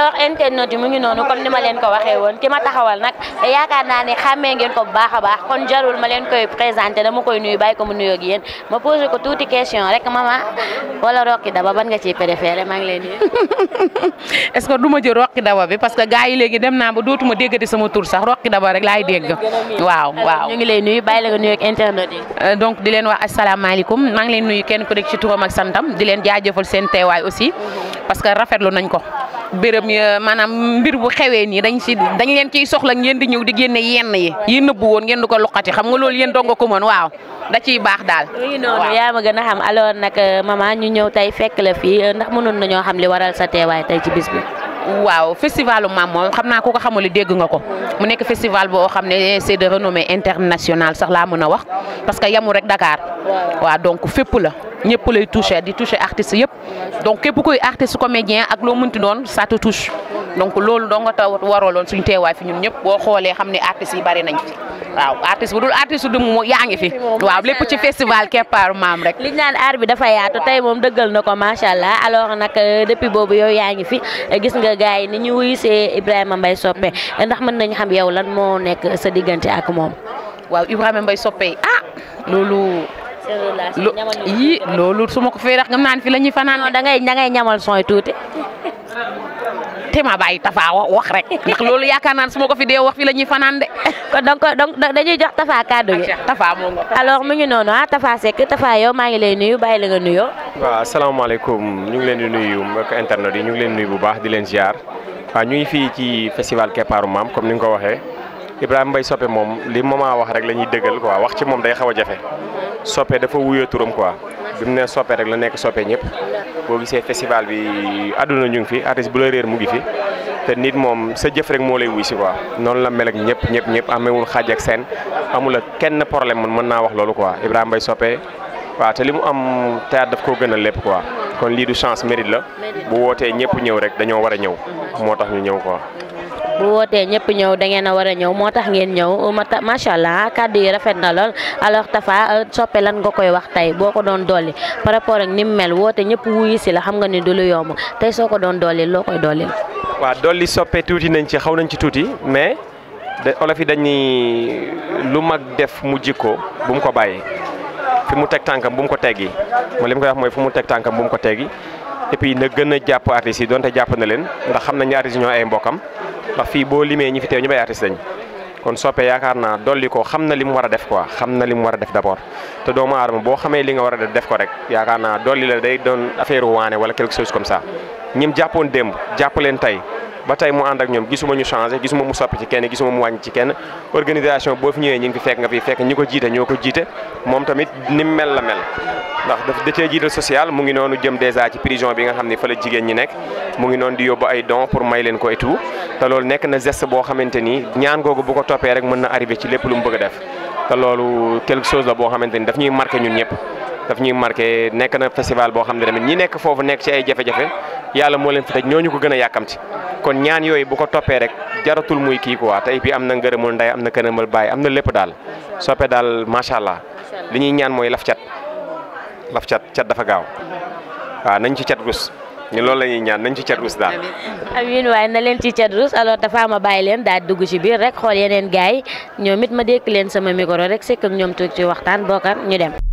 alors internet yi mu ngi noonu comme ni ma leen ko waxee woon ki ma taxawal nag yaakaar naa ne xàmmee ngeen ko bu baax a baax kon jarul ma leen koy présenté dama koy nuyu bàyyi ko mu nuyoo ak yéen ma posé ko tuuti question rek mama wala Rocky Daba ban nga ciy préféré maa ngi lay nuyu. que du ma jël Rocky bi parce que gars yi léegi dem naa ba dootuma déggati sama tur sax Rocky Daba rek laay dégg waaw waaw. ñu ngi lay nuyu bàyyi la nga nuyu ak internet yi. Euh, donc leen wax asalaamaaleykum maa ngi leen nuyu kenn ku nekk ci turam ak santam di leen jaajëfal seen teewaay aussi. parce que rafetlu nañ ko béréb euh, maanaam mbir bu xewee nii dañ si dañ leen ciy soxla ngeen di ñëw di génne yenn yi yi nëbbu woon ngeen di ko luqati xam nga loolu yéen donga ko da ciy baax daal. waaw noonu yaa ma gën a euh, fekk la fii euh, ndax mënoon nañoo xam li waral sa teewaay tey ci bi. waaw festivalu Maam moom xam naa ku ko xamul dégg nga ko mu nekk festival boo xam ne c'est de renommée internationale sax laa mën a wax parce que yamul rek Dakar waaw donc fépp la. ñëpp lay touché di touché artiste yëpp donc képp koy artiste comédien ak loo mënti doon ça te touche donc loolu doo nga taw waraloon suñu teewaay fi ñun ñëpp boo xoolee xam ni artistes yi bari nañ fi waaw artiste bu dul artiste du yaa ngi fi waaw lépp ci festival Keppaaru Maam rek liñ naan aar bi dafa yaatu tey moom dëggal na ko macha allah alors nag euh, depuis boobu yow yaa ngi fi gis nga gars yi ni ñu se wuyusee Ibrahima Mbaye Sopé ndax mën nañ xam yow lan moo nekk sa diggante ak moom waaw loolu suma ko fee rax nga naan fi la ñuy fanaan da ngay da ngay ñamal sooy tuuti. te ma bàyyi tafaa wax rek ndax loolu yaakaar naa suma ko fi dee wax fi lañuy ñuy fanaan de. kon donc dañuy jox Tafa kàddu gi ah, Tafa moom nga alors mu ngi noonu ah Tafa Seck Tafa yow maa ngi lay nuyu bàyyi la nga nuyoo. waaw asalaamaaleykum ñu ngi leen di nuyu mbokk internet yi ñu ngi leen nuyu bu baax di leen ziar waa ñu ngi fii ci festival kepaaru Maam comme ni nga ko waxee Ibrahima Mbaye moom li mama wax rek la ñuy dëggal quoi wax ci moom day xaw a jafe. soppe dafa wuyoo turam quoi bi mu ne soppe rek la nekk soppe ñëpp boo gisee festival bi àdduna ñu ngi fi artiste bu la réer mu ngi fi te nit moom sa jëf rek moo lay wuy si quoi noonu la mel ak ñëpp ñëpp ñëpp amewul xaaj ak seen amul ak kenn problème man mën naa wax loolu quoi Ibrahima Mbaye soppe waaw te li mu am théâtre daf koo gënal lépp quoi kon lii du chance mérite la bu wootee ñëpp ñëw rek dañoo war a ñëw moo tax ñu ñëw quoi bu wootee ñëpp ñëw dangeen a war a ñëw moo tax ngeen ñëw macha allah kàddu yi rafet na lool alors Tafa euh, soppe lan nga koy wax tey boo ko doon dolli par rapport ak ni mu mel woote ñëpp wuyu si la xam nga ni du lu yomb tey soo ko doon dolli loo koy dolli. waaw dolli soppe tuuti nañ ci xaw nañ ci tuuti mais olof yi dañuy lu mag def mu jikko bu mu ko bàyyee fi mu teg tànkam bu mu ko teggi mooy li mu koy wax mooy fu mu teg tànkam bu mu ko teggi et na gën a jàpp artistes yi donte jàpp na leen xam nañ ne artistes ñoo mbokkam. ndax fii boo limee ñi fi teew ñu bay artiste kon soppe yaakaar naa dolli ko xam na li mu war a def quoi xam na li mu war a def d'abord te doomu aadama boo xamee li nga war a def def ko rek yaakaar naa dolli la day doon affaire waane wala quelque chose comme ça ñim jàppoon démb jàpp leen tey ba tey mu ànd ak ñoom gisuma ñu changé gisuma mu soppi ci kenn gisuma mu wàññi ci kenn organisation boo fi ñëwee ñu ngi fi fekk nga fi fekk ñi ko jiite ñoo ko jiite moom tamit ni mel la mel ndax daf da cee jiital social mu ngi noonu jëm dèjà ci prison bi nga xam ne fa la jigéen ñi nekk mu ngi noonu di yóbbu ay don pour may leen ko et tout te loolu nekk na geste boo xamante ni ñaan googu bu ko toppee rek mën na arrivé ci lépp lu mu bëgg a def te loolu quelque chose boo xamante ni daf ñuy marqué ñun ñëpp daf ñuy marqué nekk na festival boo xam ne tamit ñi nekk foofu nekk ci ay jafe-jafe leen fi tëj ñooñu ko gën a yàkkamti kon ñaan yooyu bu ko toppee rek jaratul muy kii quoi tey bi am na ngërëmul ndey am na kënëmal bàyyi am na lépp daal soppe daal macha allah li ñuy ñaan mooy laf cat laf cat cat dafa gaaw waaw nañ ci cat rus ñu loolu la ñuy na nañ ci cat rus daal. amiin waaye na leen ci cat rus alors dafa ma bàyyi leen daal dugg ci biir rek xool yeneen gars yi ñoom it ma dékk leen sama micro rek sekk ak ñoom ci waxtaan bokkar ñu dem.